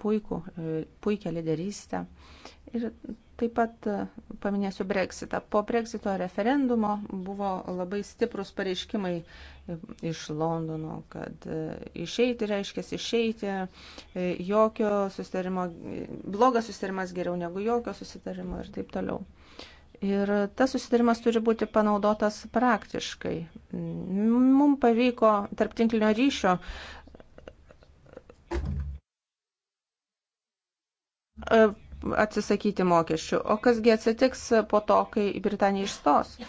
puikų, e, puikią lyderystę. Ir taip pat e, paminėsiu Brexitą. Po Brexito referendumo buvo labai stiprus pareiškimai iš Londono, kad e, išeiti reiškia išeiti, jokio susitarimo, blogas susitarimas geriau negu jokio susitarimo ir taip toliau. Ir tas susitarimas turi būti panaudotas praktiškai. Mums pavyko tarptinklinio ryšio E, atsisakyti mokesčių. O kasgi atsitiks po to, kai Britanija išstos? E,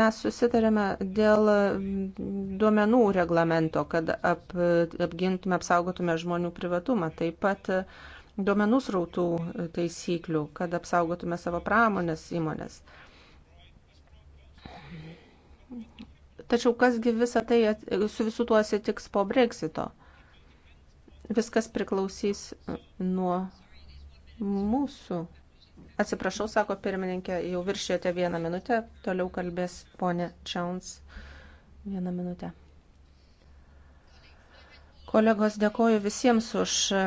mes susitarėme dėl duomenų reglamento, kad ap, apgintume, apsaugotume žmonių privatumą. Taip pat duomenų srautų taisyklių, kad apsaugotume savo pramonės įmonės. Tačiau kasgi visą tai su visu tuo atsitiks po Brexito? Viskas priklausys nuo Mūsų. Atsiprašau, sako pirmininkė, jau viršėjote vieną minutę, toliau kalbės ponė Čiauns vieną minutę. Kolegos, dėkoju visiems už e,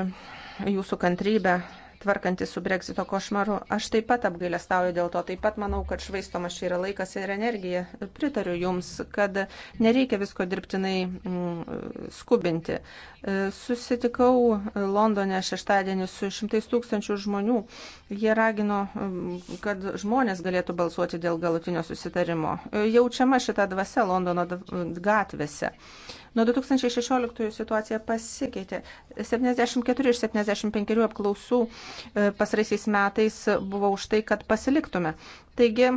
jūsų kantrybę tvarkantis su Brexito košmaru. Aš taip pat apgailestauju dėl to, taip pat manau, kad švaistomas čia yra laikas ir energija. Pritariu Jums, kad nereikia visko dirbtinai mm, skubinti. E, susitikau Londone šeštadienį su šimtais tūkstančių žmonių. Jie ragino, kad žmonės galėtų balsuoti dėl galutinio susitarimo. E, jaučiama šita dvasia Londono gatvėse. Nuo 2016 situacija pasikeitė. 74 iš 75 apklausų e, pasraisiais metais buvo už tai, kad pasiliktume. Taigi,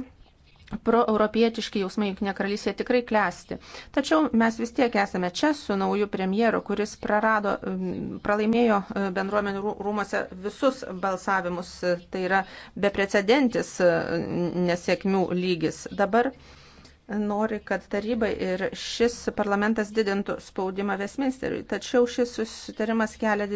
proeuropietiški jausmai Junktinė karalystė tikrai klesti. Tačiau mes vis tiek esame čia su nauju premjeru, kuris prarado, pralaimėjo e, bendruomenių rūmose visus balsavimus. E, tai yra beprecedentis nesėkmių lygis. Dabar nori, kad taryba ir šis parlamentas didintų spaudimą Westminsteriui. Tačiau šis susitarimas kelia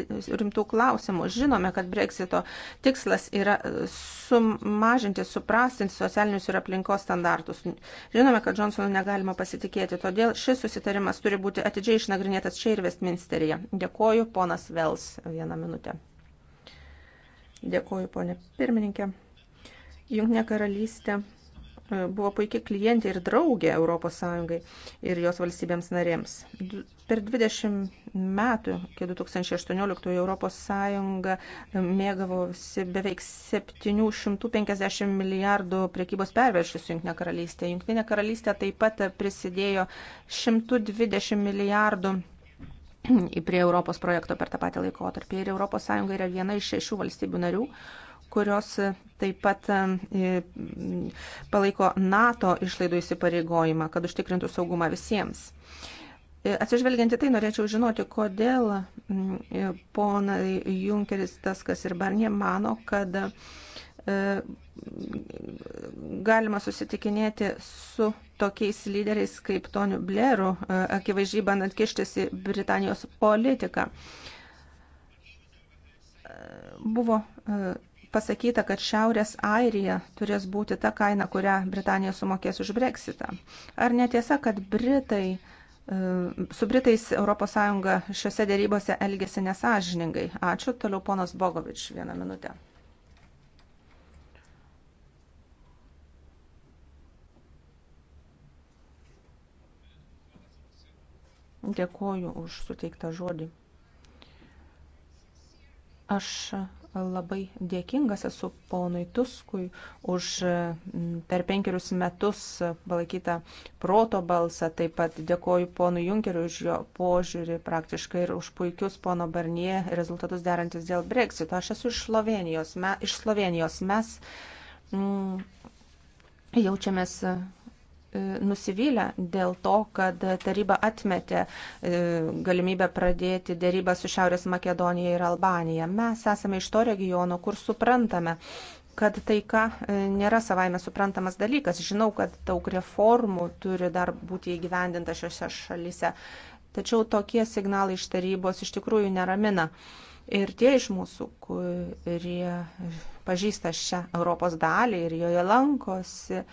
rimtų klausimų. Žinome, kad Brexito tikslas yra e, sumažinti, suprastinti socialinius ir aplinkos standartus. Žinome, kad Johnsonu negalima pasitikėti, todėl šis susitarimas turi būti atidžiai išnagrinėtas čia ir Westminsteryje. Dėkoju, ponas Vels, vieną minutę. Dėkoju, ponė pirmininkė. Junknė karalystė buvo puikia klientė ir draugė ES ir jos valstybėms narėms. Per 20 metų, iki 2018, ES mėgavosi beveik 750 milijardų priekybos perviršių su Junktinė karalystė. Junktinė karalystė taip pat prisidėjo 120 milijardų prie Europos projekto per tą patį laikotarpį. Ir ES yra viena iš šešių valstybių narių, kurios e, taip pat e, e, palaiko NATO išlaidų įsipareigojimą, kad užtikrintų saugumą visiems. Atsižvelgiant į tai, norėčiau žinoti, kodėl ponai Junkeris, Taskas ir Barnie mano, kad galima susitikinėti su tokiais lyderiais kaip Toniu Bleru, akivaizdžiai bandant kištis į Britanijos politiką. Buvo pasakyta, kad Šiaurės Airija turės būti ta kaina, kurią Britanija sumokės už Brexitą. Ar netiesa, kad Britai, e, su Britais ES šiuose dėrybose elgėsi nesažiningai? Ačiū. Toliau ponas Bogovič, vieną minutę. Dėkoju už suteiktą žodį. Aš Labai dėkingas esu ponui Tuskui už per penkerius metus palaikytą proto balsą. Taip pat dėkoju ponui Junkeriu už jo požiūrį praktiškai ir už puikius pono Barnie rezultatus derantis dėl Brexito. Aš esu iš Slovenijos. Me, iš Slovenijos. Mes mm, jaučiamės E, nusivylę dėl to, kad taryba atmetė e, galimybę pradėti dėrybą su Šiaurės Makedonija ir Albanija. Mes esame iš to regiono, kur suprantame, kad taika e, nėra savaime suprantamas dalykas. Žinau, kad daug reformų turi dar būti įgyvendinta šiuose šalise. Tačiau tokie signalai iš tarybos iš tikrųjų neramina. Ir tie iš mūsų, kurie pažįsta šią Europos dalį ir joje lankosi,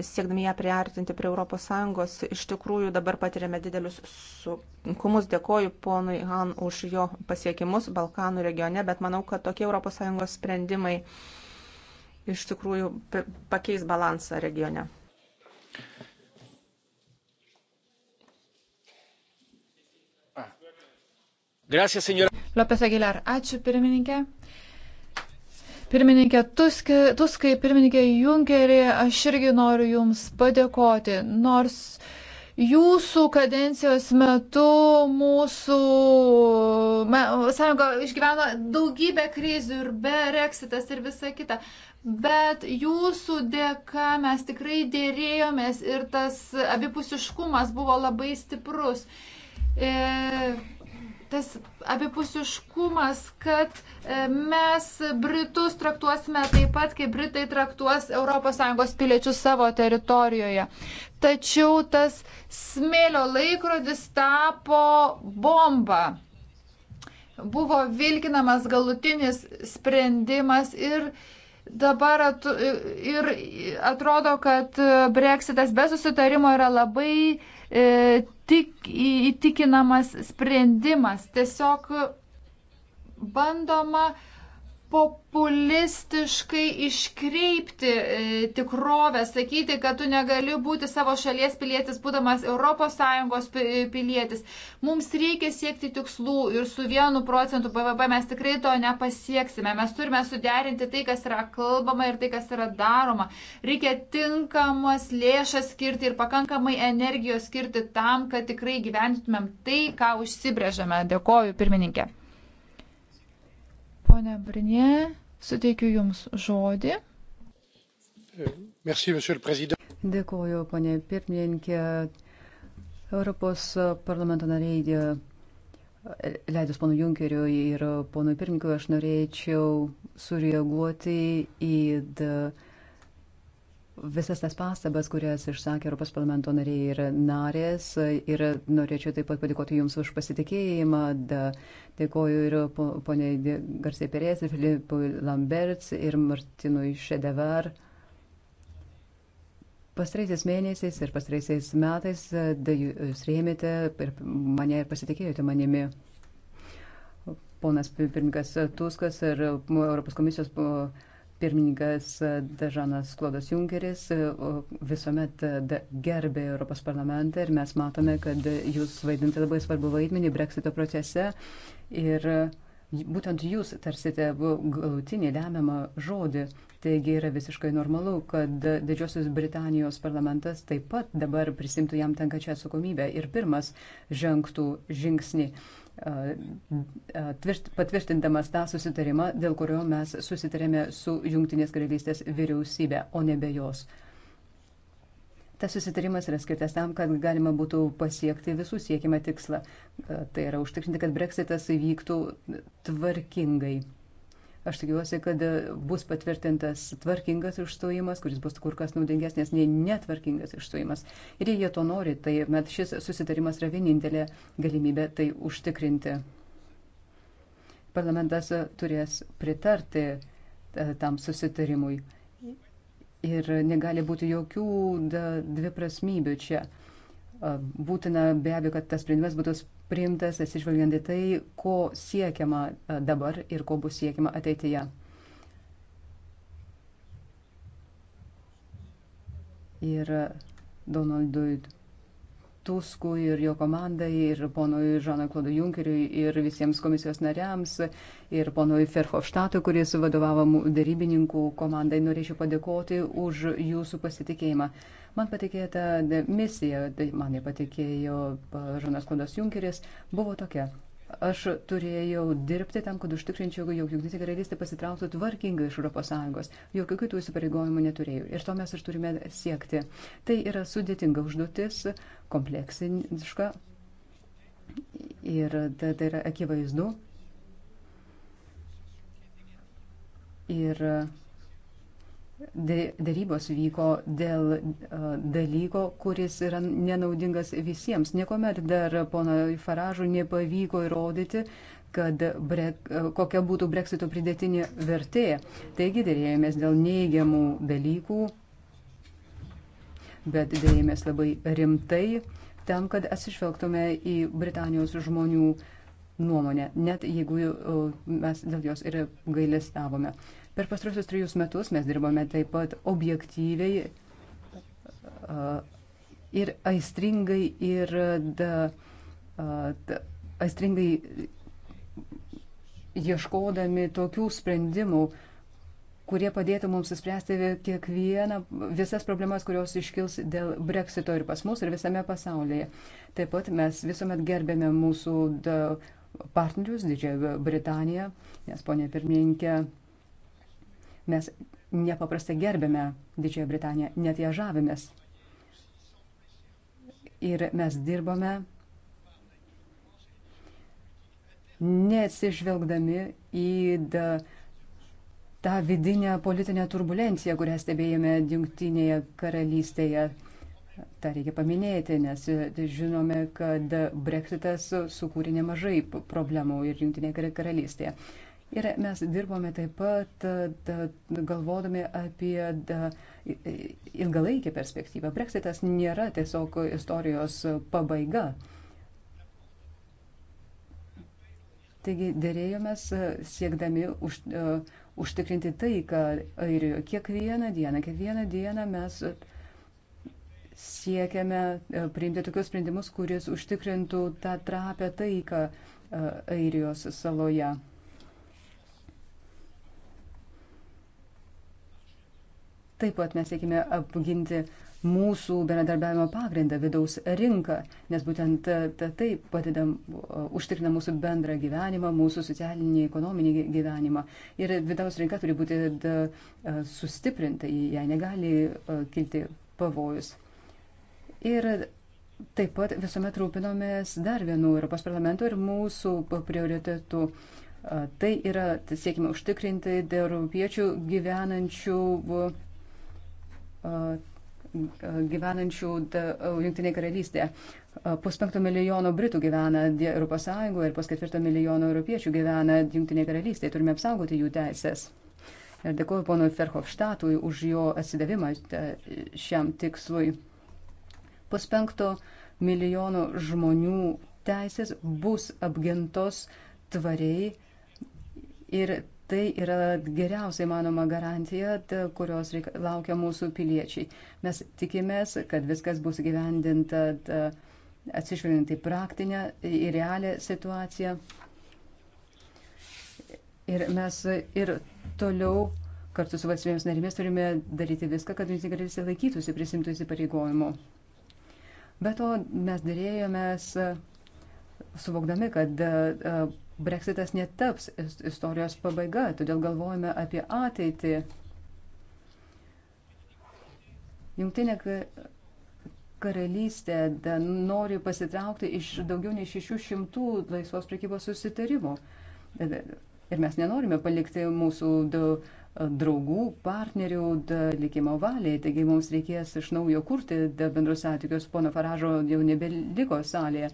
siekdami ją priartinti prie ES, iš tikrųjų dabar patiriame didelius sunkumus. Dėkoju ponui Han už jo pasiekimus Balkanų regione, bet manau, kad tokie ES sprendimai iš tikrųjų pakeis balansą regione. Gracias, señora. López Aguilar, ačiū pirmininkė. Pirmininkė Tuskė, Tuskai, pirmininkė Junkerį, aš irgi noriu Jums padėkoti, nors Jūsų kadencijos metu mūsų me, sąjunga išgyveno daugybę krizių ir Brexitas ir visa kita, bet jūsų dėka mes tikrai dėrėjomės ir tas abipusiškumas buvo labai stiprus. E, tas abipusiškumas, kad e, mes Britus traktuosime taip pat, kaip Britai traktuos ES piliečius savo teritorijoje. Tačiau tas smėlio laikrodis tapo bomba. Buvo vilkinamas galutinis sprendimas ir dabar at, ir atrodo, kad breksitas be susitarimo yra labai e, tik įtikinamas sprendimas. Tiesiog bandoma populistiškai iškreipti e, tikrovę, sakyti, kad tu negali būti savo šalies pilietis, būdamas ES pilietis. Mums reikia siekti tikslų ir su vienu procentu BVP mes tikrai to nepasieksime. Mes turime suderinti tai, kas yra kalbama ir tai, kas yra daroma. Reikia tinkamas lėšas skirti ir pakankamai energijos skirti tam, kad tikrai gyventumėm tai, ką užsibrėžame. Dėkoju, pirmininkė. Pone Brinė, suteikiu Jums žodį. Merci, Dėkuoju, ponė pirmininkė. Europos parlamento nariai, e, leidus ponu Junkeriui ir ponu pirmininkui, aš norėčiau sureaguoti į. The visas tas pastabas, kurias išsakė Europos parlamento nariai ir narės. Ir norėčiau taip pat padėkoti Jums už pasitikėjimą. Dėkoju ir poniai Garsiai Perės, ir Filipui Lamberts, ir Martinui Šedevar. Pastraisiais mėnesiais ir pastraisiais metais jūs rėmėte ir mane ir pasitikėjote manimi. Ponas pirmininkas Tuskas ir Europos komisijos. Po, pirmininkas e, Dažanas Klodas Junkeris e, visuomet e, gerbė Europos parlamentą ir mes matome, kad jūs vaidinate labai svarbu vaidmenį breksito procese ir būtent jūs tarsite galutinį lemiamą žodį. Taigi yra visiškai normalu, kad Didžiosios Britanijos parlamentas taip pat dabar prisimtų jam tenkačią atsakomybę ir pirmas žengtų žingsnį patvirtindamas tą susitarimą, dėl kurio mes susitarėme su Junktinės karalystės vyriausybė, o nebe jos. Tas susitarimas yra skirtas tam, kad galima būtų pasiekti visų siekimą tikslą. Tai yra užtikrinti, kad breksitas įvyktų tvarkingai. Aš tikiuosi, kad e, bus patvirtintas tvarkingas išstojimas, kuris bus kur kas naudingesnis nei netvarkingas išstojimas. Ir jei jie to nori, tai met šis susitarimas yra vienintelė galimybė tai užtikrinti. Parlamentas turės pritarti e, tam susitarimui. Ir negali būti jokių dviprasmybių čia e, būtina be abejo, kad tas sprendimas būtų priimtas atsižvelgiant į tai, ko siekiama e, dabar ir ko bus siekiama ateityje. Ir e, Donaldui Tuskui ir jo komandai, ir ponui Žanui Klodu Junkeriui, ir visiems komisijos nariams, ir ponui Ferhofštatui, kuris vadovavo darybininkų komandai. Norėčiau padėkoti už jūsų pasitikėjimą. Man patikėta misija, tai man ir patikėjo Žanas Klodas Junkeris, buvo tokia aš turėjau dirbti tam, kad užtikrinčiau, jog Junktinė karalystė pasitrauktų tvarkingai iš ES. Jokių kitų įsipareigojimų neturėjau. Ir to mes ir turime siekti. Tai yra sudėtinga užduotis, kompleksiška. Ir tai, tai yra akivaizdu. Ir uh, Darybos vyko dėl dalyko, kuris yra nenaudingas visiems. Niekuomet dar pono Faražų nepavyko įrodyti, kad bre, kokia būtų breksito pridėtinė vertė. Taigi dėrėjomės dėl neigiamų dalykų, bet dėrėjomės labai rimtai tam, kad atsižvelgtume į Britanijos žmonių nuomonę, net jeigu mes dėl jos ir gailestavome. Per pastrosius trejus metus mes dirbome taip pat objektyviai e, ir aistringai ir da, e, da, aistringai ieškodami tokių sprendimų, kurie padėtų mums įspręsti kiekvieną, visas problemas, kurios iškils dėl breksito ir pas mus, ir visame pasaulyje. Taip pat mes visuomet gerbėme mūsų partnerius, Didžiąją Britaniją, nes ponė pirmininkė, Mes nepaprastai gerbėme Didžiąją Britaniją, net ją žavimės. Ir mes dirbame neatsižvelgdami į da, tą vidinę politinę turbulenciją, kurią stebėjome Junktinėje karalystėje. Ta reikia paminėti, nes e, žinome, kad Brexitas sukūrė nemažai problemų ir Junktinėje karalystėje. Ir mes dirbome taip pat da, galvodami apie da, ilgalaikį perspektyvą. Brexitas nėra tiesiog istorijos pabaiga. Taigi dėrėjomės e, siekdami už, uh, užtikrinti taiką Airijoje. Kiekvieną dieną, kiekvieną dieną mes siekiame uh, priimti tokius sprendimus, kuris užtikrintų tą trapę taiką uh, Airijos saloje. Taip pat mes siekime apginti mūsų bendradarbiavimo pagrindą vidaus rinką, nes būtent tai padeda užtikrina mūsų bendrą gyvenimą, mūsų socialinį, ekonominį gyvenimą. Ir vidaus rinka turi būti sustiprinta, jai negali kilti pavojus. Ir taip pat visuomet rūpinomės dar vienu Europos parlamento ir mūsų prioritetu. Tai yra siekime užtikrinti dėl europiečių gyvenančių gyvenančių Junktinėje karalystėje. Puspenkto milijono Britų gyvena Europos Sąjungoje ir pusketvirto milijono europiečių gyvena Junktinėje karalystėje. Turime apsaugoti jų teisės. Ir dėkuoju ponui Ferhofštatui už jo atsidavimą e, šiam tikslui. Puspenkto milijono žmonių teisės bus apgintos tvariai ir Tai yra geriausia įmanoma garantija, kurios laukia mūsų piliečiai. Mes tikimės, kad viskas bus gyvendinta atsižvelgiant į praktinę, į realią situaciją. Ir mes ir toliau kartu su valstybėmis narėmis turime daryti viską, kad jungtinė karalystė laikytųsi prisimtų įsipareigojimų. Be to mes dėrėjomės suvokdami, kad Brexitas netaps istorijos pabaiga, todėl galvojame apie ateitį. Jungtinė karalystė nori pasitraukti iš daugiau nei 600 laisvos prekybos susitarimų. Ir mes nenorime palikti mūsų draugų, partnerių likimo valiai. Taigi mums reikės iš naujo kurti bendrus santykius. Pono Faražo jau nebeliko salėje.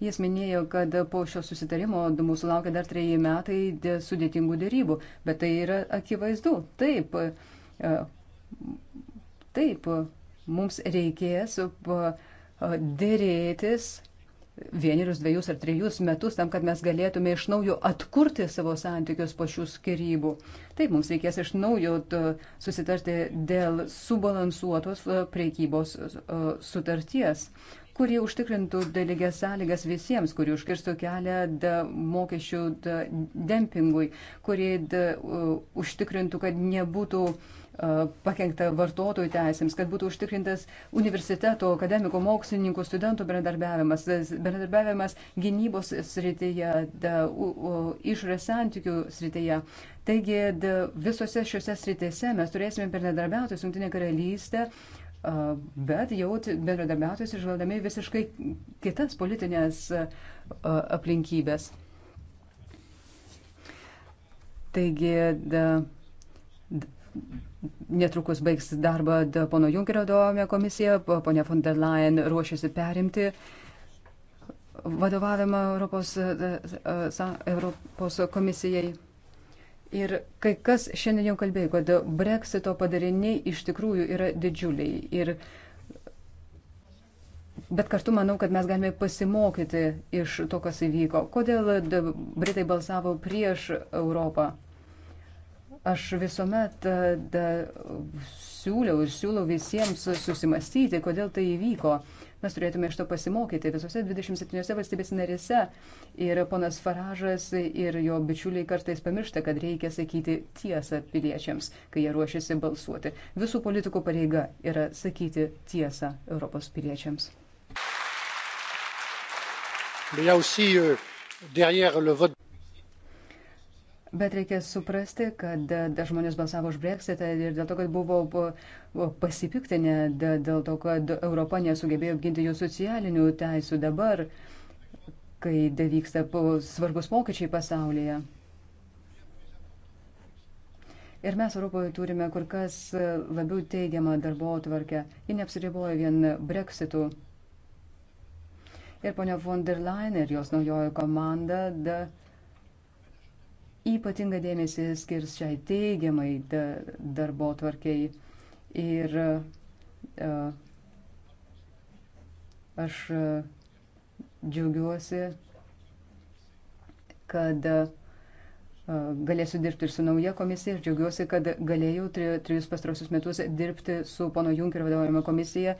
Jis minėjo, kad po šio susitarimo mūsų laukia dar treji metai sudėtingų dėrybų, bet tai yra akivaizdu. Taip, e, taip, mums reikės e, dėrėtis vienerius, dviejus ar trejus metus tam, kad mes galėtume iš naujo atkurti savo santykius po šių skirybų. Taip, mums reikės iš naujo susitarti dėl subalansuotos e, priekybos sutarties kurie užtikrintų lygias sąlygas visiems, kurie užkirstų kelią da, mokesčių da, dempingui, kurie da, užtikrintų, kad nebūtų pakengta vartotojų teisėms, kad būtų užtikrintas universiteto, akademikų, mokslininkų, studentų bendradarbiavimas, bendradarbiavimas gynybos srityje, da, u, u, išorės santykių srityje. Taigi da, visose šiuose srityse mes turėsime bendradarbiauti su Junktinė karalystė bet jau bendradarbiauti išvaldami visiškai kitas politinės aplinkybės. Taigi da, netrukus baigs darbą da, pono Junkerio duomė komisija, ponia von der Leyen ruošiasi perimti vadovavimą Europos, da, sa, Europos komisijai. Ir kai kas šiandien jau kalbėjo, kad breksito padariniai iš tikrųjų yra didžiuliai. Ir, bet kartu manau, kad mes galime pasimokyti iš to, kas įvyko. Kodėl Britai balsavo prieš Europą? Aš visuomet e, da, siūliau ir siūlau visiems susimastyti, kodėl tai įvyko. Mes turėtume iš to pasimokyti visose 27 valstybės narėse. Ir ponas Faražas ir jo bičiuliai kartais pamiršta, kad reikia sakyti tiesą piliečiams, kai jie ruošiasi balsuoti. Visų politikų pareiga yra sakyti tiesą Europos piliečiams. Mais il y a aussi euh, derrière le vote. Bet reikia suprasti, kad e, žmonės balsavo už Brexitą ir dėl to, kad buvo pasipiktinę, dėl to, kad Europa nesugebėjo apginti jų socialinių teisų dabar, kai vyksta svarbus pokyčiai pasaulyje. Ir mes Europoje turime kur kas e, labiau teigiamą darbo tvarkę. Ji neapsiriboja vien Brexitu. Ir ponia von der Leyen ir jos naujoji komanda. Da, ypatinga dėmesį skirs šiai teigiamai darbo tvarkiai. Ir e, aš e, džiaugiuosi, kad e, galėsiu dirbti ir su nauja komisija. Aš džiaugiuosi, kad galėjau trijus pastarosius metus dirbti su pono Junkerio vadovaujama komisija.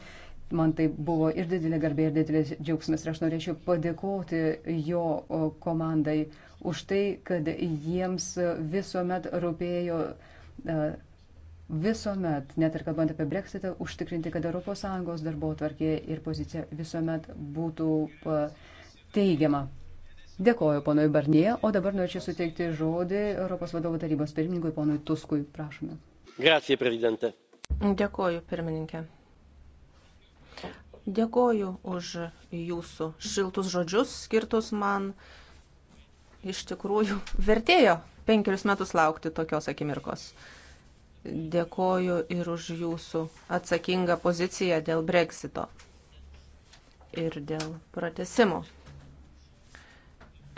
Man tai buvo ir didelė garbė, ir didelis džiaugsmas. Ir aš norėčiau padėkoti jo komandai. Uh, už tai, kad jiems visuomet rūpėjo e, visuomet, net ir kalbant apie breksitą, užtikrinti, kad ES darbo tvarkė ir pozicija visuomet būtų e, teigiama. Dėkoju ponui Barnie, o dabar norėčiau suteikti žodį Europos vadovų tarybos pirmininkui ponui Tuskui. Prašome. Grazie, prezidente. Dėkoju, pirmininkė. Dėkoju už jūsų šiltus žodžius skirtus man. Uh, iš tikrųjų vertėjo penkerius metus laukti tokios akimirkos. Dėkoju ir už jūsų atsakingą poziciją dėl breksito ir dėl pratesimo.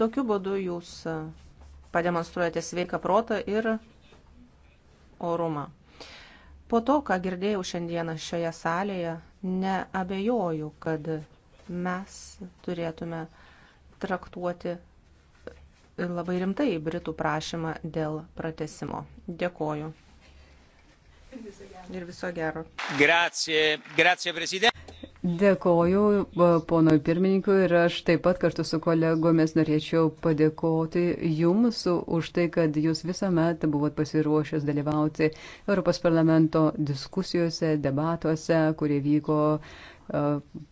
Tokiu būdu jūs pademonstruojate sveiką protą ir orumą. Po to, ką girdėjau šiandieną šioje salėje, neabejoju, kad mes turėtume traktuoti labai rimtai Britų prašymą dėl pratesimo. Dėkoju. Ir viso gero. Grazie, grazie prezidentė. Dėkoju e, ponui pirmininkui ir aš taip pat kartu su kolegomis norėčiau padėkoti jums už tai, kad jūs visuomet buvot pasiruošęs dalyvauti Europos parlamento diskusijose, debatuose, kurie vyko e,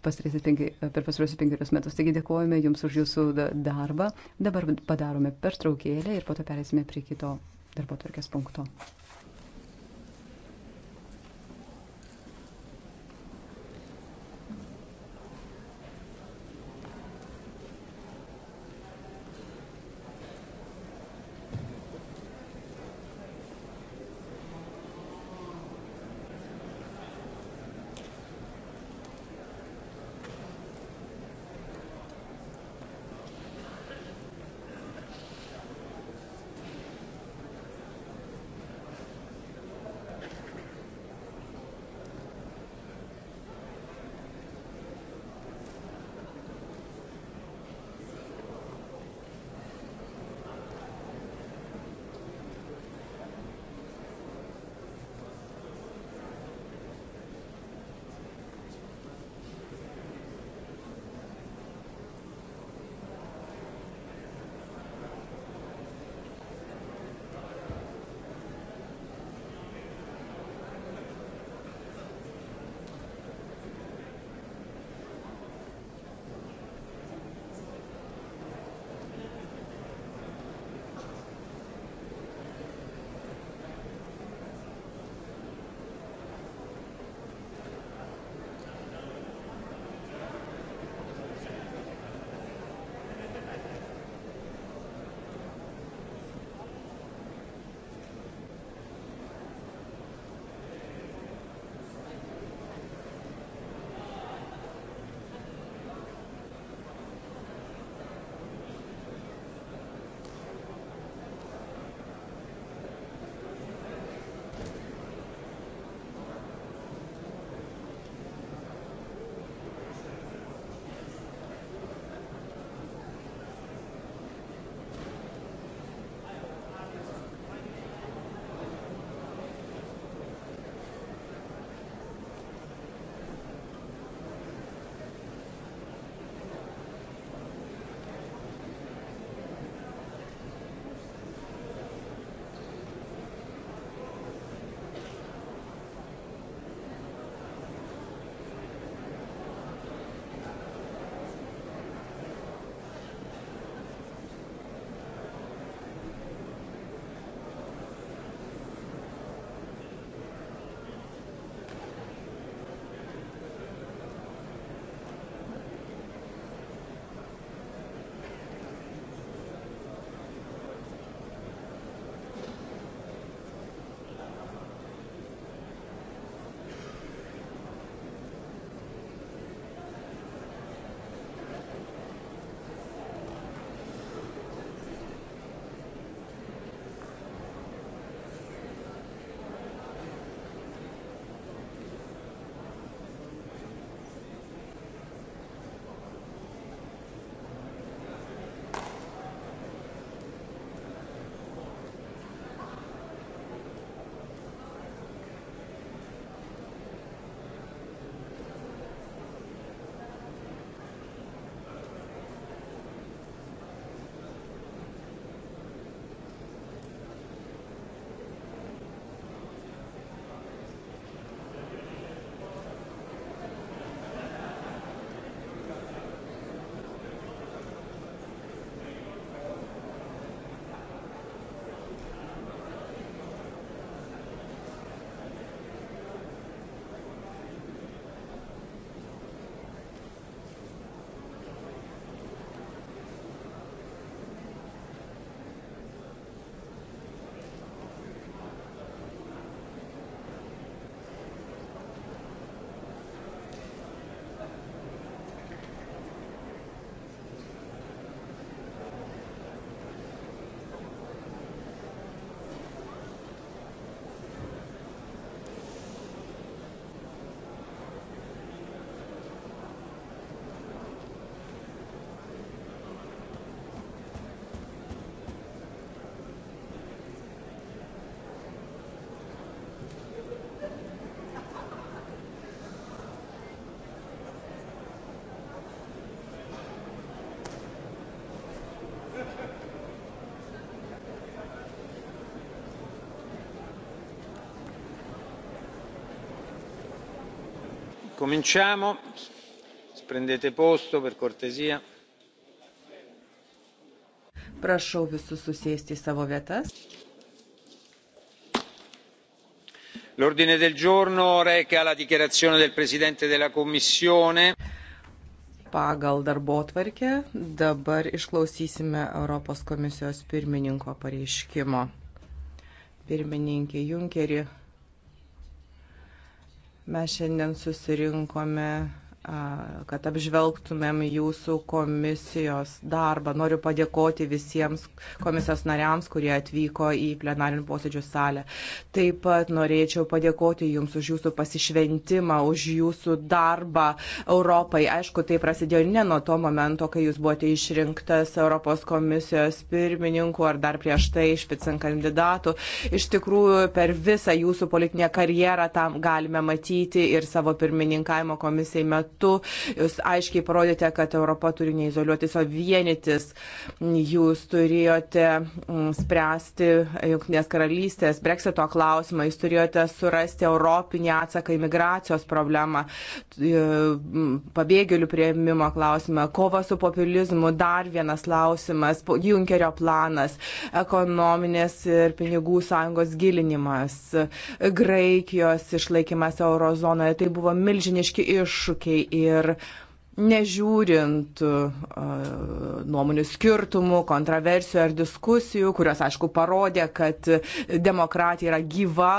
penki, per pasarosius penkerius metus. Taigi dėkojame jums už jūsų darbą. Dabar padarome pertraukėlę ir po to perėsime prie kito darbo tvarkės punkto. cominciamo prendete posto per cortesia prašau visus susėsti į savo vietas l'ordine del giorno reca la dichiarazione del presidente della commissione pagal darbotvarkę dabar išklausysime europos komisijos pirmininko pareiškimo pirmininke junkeri Mes šiandien susirinkome kad apžvelgtumėm jūsų komisijos darbą. Noriu padėkoti visiems komisijos nariams, kurie atvyko į plenarinį posėdžių salę. Taip pat norėčiau padėkoti jums už jūsų pasišventimą, už jūsų darbą Europai. Aišku, tai prasidėjo ne nuo to momento, kai jūs buvote išrinktas Europos komisijos pirmininku ar dar prieš tai išpicin kandidatų. Iš tikrųjų, per visą jūsų politinę karjerą tam galime matyti ir savo pirmininkavimo komisijai metu metu. Jūs aiškiai parodėte, kad Europa turi neizoliuotis, o vienytis. Jūs turėjote mm, spręsti Junktinės karalystės breksito klausimą, jūs turėjote surasti europinį atsaką į migracijos problemą, e, pabėgėlių prieimimo klausimą, kova su populizmu, dar vienas klausimas, Junkerio planas, ekonominės ir pinigų sąjungos gilinimas, Graikijos išlaikimas eurozonoje. Tai buvo milžiniški iššūkiai lygiai ir nežiūrint nuomonių skirtumų, kontroversijų ar diskusijų, kurios, aišku, parodė, kad demokratija yra gyva,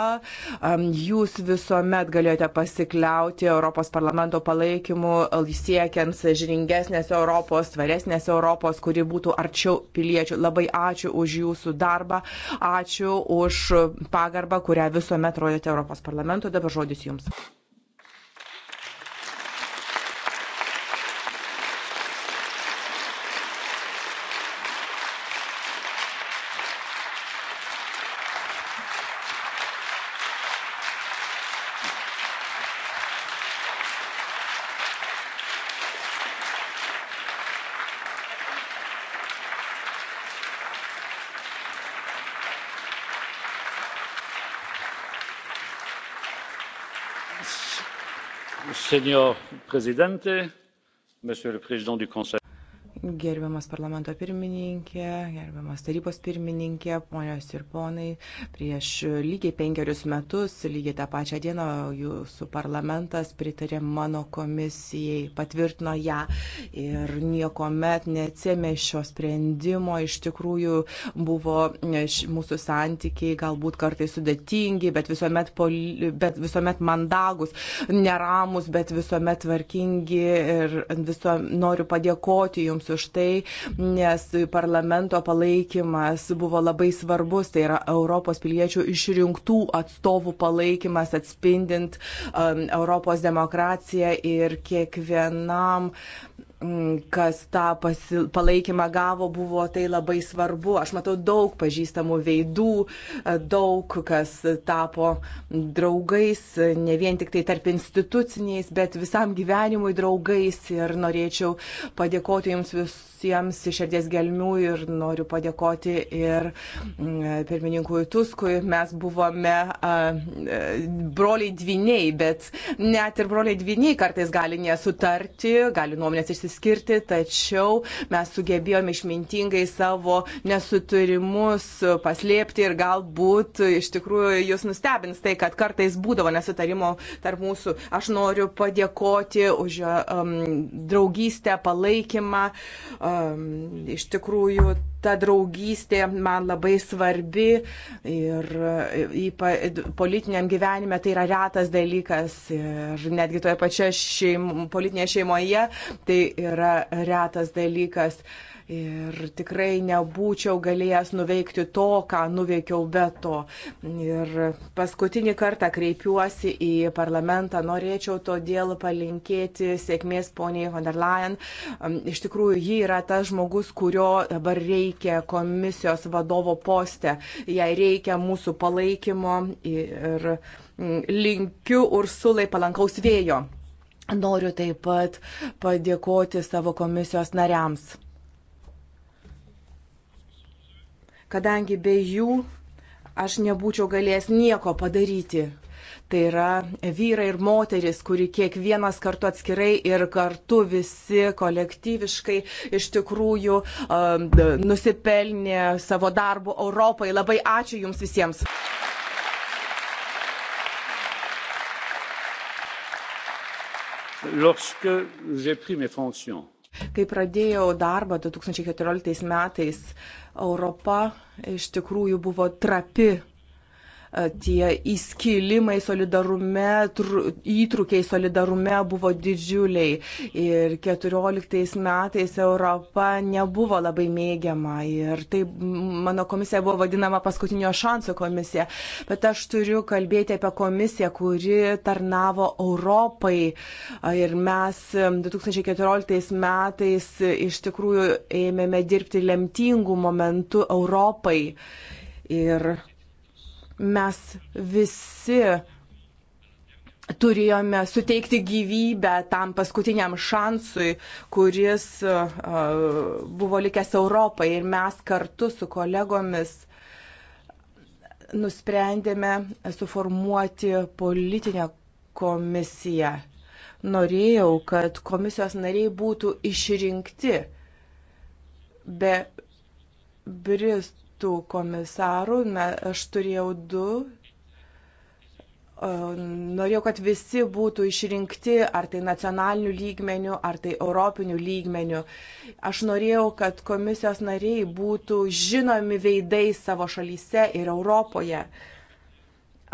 jūs visuomet galėjote pasikliauti Europos parlamento palaikymu, siekiant sažiningesnės Europos, tvaresnės Europos, kuri būtų arčiau piliečių. Labai ačiū už jūsų darbą, ačiū už pagarbą, kurią visuomet rodėte Europos parlamento. Dabar žodis jums. monsieur le président du conseil monsieur le président du conseil Gerbiamas parlamento pirmininkė, gerbiamas tarybos pirmininkė, ponios ir ponai, prieš lygiai penkerius metus, lygiai tą pačią dieną jūsų parlamentas pritarė mano komisijai, patvirtino ją ir nieko met neatsėmė šio sprendimo. Iš tikrųjų buvo mūsų santykiai galbūt kartai sudėtingi, bet visuomet, poli, bet visuomet mandagus, neramus, bet visuomet tvarkingi ir viso, noriu padėkoti jums už tai, nes parlamento palaikymas buvo labai svarbus, tai yra Europos piliečių išrinktų atstovų palaikymas atspindint um, Europos demokratiją ir kiekvienam Mm, kas tą pasi, palaikymą gavo, buvo tai labai svarbu. Aš matau daug pažįstamų veidų, e, daug kas tapo draugais, ne vien tik tai tarp instituciniais, bet visam gyvenimui draugais. Ir norėčiau padėkoti Jums visiems iš širdies gelmių ir noriu padėkoti ir mm, pirmininkui Tuskui. Mes buvome e, broliai dviniai, bet net ir broliai dviniai kartais gali nesutarti, gali nuomonės išsiskirti išsiskirti, tačiau mes sugebėjome išmintingai savo nesuturimus paslėpti ir galbūt iš tikrųjų jūs nustebins tai, kad kartais būdavo nesutarimo tarp mūsų. Aš noriu padėkoti už um, draugystę, palaikymą. Um, iš tikrųjų, ta draugystė man labai svarbi ir ypa, politiniam gyvenime tai yra retas dalykas ir netgi toje pačioje šeim, politinėje šeimoje tai yra retas dalykas ir tikrai nebūčiau galėjęs nuveikti to, ką nuveikiau be to. Ir paskutinį kartą kreipiuosi į parlamentą, norėčiau todėl palinkėti sėkmės poniai von der Leyen. Iš tikrųjų, ji yra tas žmogus, kurio dabar reikia komisijos vadovo poste, jai reikia mūsų palaikymo ir mm, linkiu Ursulai palankaus vėjo. Noriu taip pat padėkoti savo komisijos nariams, kadangi be jų aš nebūčiau galėjęs nieko padaryti. Tai yra vyrai ir moteris, kuri kiekvienas kartu atskirai ir kartu visi kolektyviškai iš tikrųjų um, nusipelnė savo darbų Europai. Labai ačiū Jums visiems. Kai pradėjau darbą 2014 metais, Europa iš tikrųjų buvo trapi tie įskilimai solidarume, įtrukiai solidarume buvo didžiuliai. Ir 14 metais Europa nebuvo labai mėgiama. Ir tai mano komisija buvo vadinama paskutinio šanso komisija. Bet aš turiu kalbėti apie komisiją, kuri tarnavo Europai. Ir mes 2014 metais iš tikrųjų ėmėme dirbti lemtingų momentų Europai. Ir mes visi turėjome suteikti gyvybę tam paskutiniam šansui, kuris buvo likęs Europai ir mes kartu su kolegomis nusprendėme suformuoti politinę komisiją. Norėjau, kad komisijos nariai būtų išrinkti be Brist kitų komisarų. Na, aš turėjau du. Norėjau, kad visi būtų išrinkti, ar tai nacionalinių lygmenių, ar tai europinių lygmenių. Aš norėjau, kad komisijos nariai būtų žinomi veidai savo šalyse ir Europoje.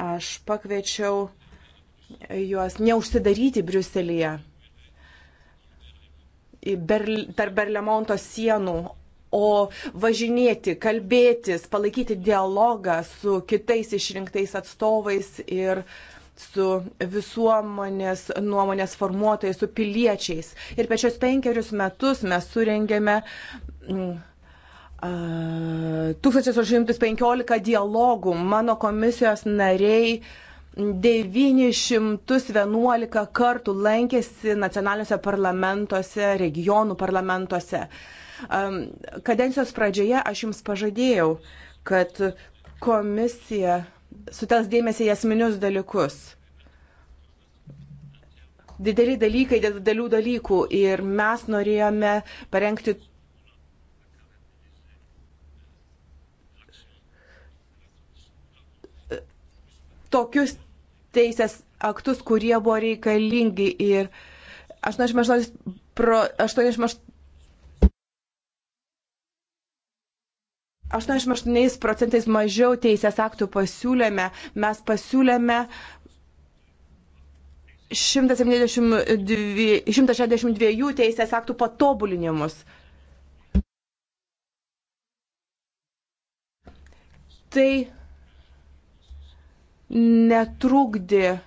Aš pakviečiau juos neužsidaryti Briuselėje, tarp Berlemonto sienų, o važinėti, kalbėtis, palaikyti dialogą su kitais išrinktais atstovais ir su visuomenės nuomonės formuotojais, su piliečiais. Ir per šios penkerius metus mes surengėme mm, 1815 dialogų. Mano komisijos nariai 911 kartų lankėsi nacionaliniuose parlamentuose, regionų parlamentuose. Uh, Kadencijos pradžioje aš jums pažadėjau, kad komisija sutels dėmesį į esminius dalykus dideli dalykai dėl didelių dalykų ir mes norėjome parengti tokius teisės aktus, kurie buvo reikalingi ir 88, pro, 88 88 procentais mažiau teisės aktų pasiūlėme. Mes pasiūlėme 172, 162 teisės aktų patobulinimus. Tai netrukdė e,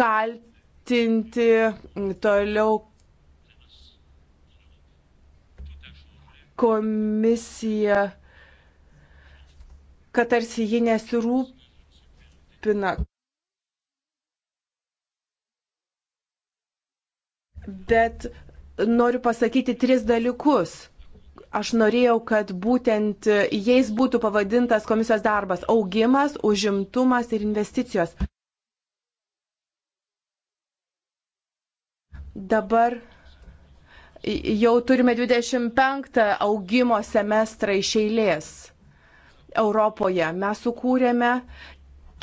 kaltinti toliau komisija, kad tarsi ji nesirūpina. Bet noriu pasakyti tris dalykus. Aš norėjau, kad būtent jais būtų pavadintas komisijos darbas - augimas, užimtumas ir investicijos. Dabar Jau turime 25 augimo semestrą iš eilės. Europoje mes sukūrėme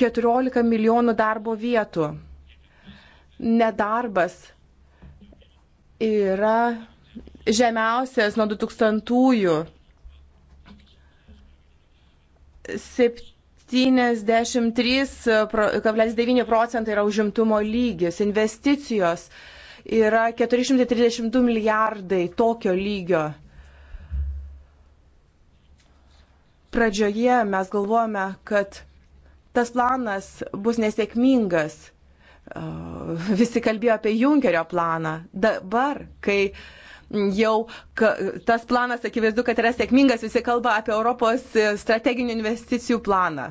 14 milijonų darbo vietų. Nedarbas yra žemiausias nuo 2000-ųjų. 73,9 procentai yra užimtumo lygis, investicijos yra 432 milijardai tokio lygio. Pradžioje mes galvojame, kad tas planas bus nesėkmingas. Uh, visi kalbėjo apie Junkerio planą. Dabar, kai jau ka, tas planas akivaizdu, kad yra sėkmingas, visi kalba apie Europos strateginių investicijų planą.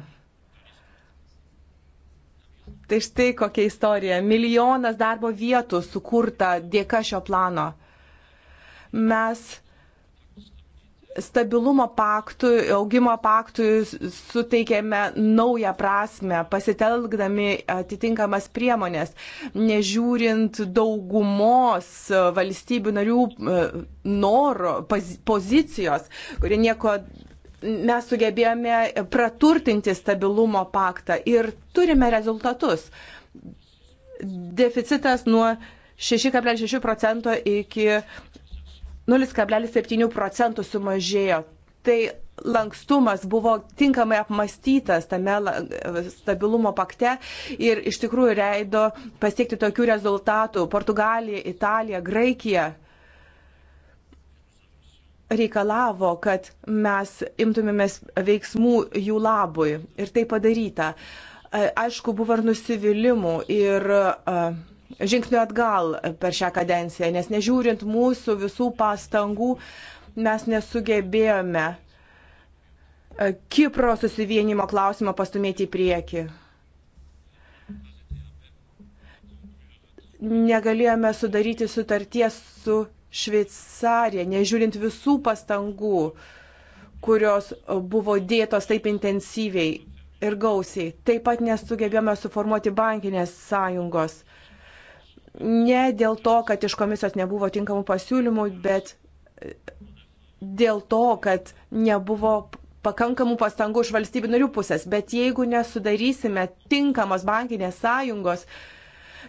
Tai štai kokia istorija. Milijonas darbo vietų sukurta dėka šio plano. Mes stabilumo paktų, augimo paktų suteikėme naują prasme, pasitelkdami atitinkamas priemonės, nežiūrint daugumos valstybių narių e, noro, pozicijos, kurie nieko mes sugebėjome praturtinti stabilumo paktą ir turime rezultatus. Deficitas nuo 6,6 procento iki 0,7 procentų sumažėjo. Tai lankstumas buvo tinkamai apmastytas tame stabilumo pakte ir iš tikrųjų leido pasiekti tokių rezultatų. Portugalija, Italija, Graikija reikalavo, kad mes imtumėmės veiksmų jų labui ir tai padaryta. Aišku, buvo ir nusivylimų ir žingsnių atgal per šią kadenciją, nes nežiūrint mūsų visų pastangų, mes nesugebėjome Kipro susivienimo klausimą pastumėti į priekį. Negalėjome sudaryti sutarties su Šveicarija, nežiūrint visų pastangų, kurios buvo dėtos taip intensyviai ir gausiai, taip pat nesugebėjome suformuoti bankinės sąjungos. Ne dėl to, kad iš komisijos nebuvo tinkamų pasiūlymų, bet dėl to, kad nebuvo pakankamų pastangų iš valstybių narių pusės. Bet jeigu nesudarysime tinkamos bankinės sąjungos, uh,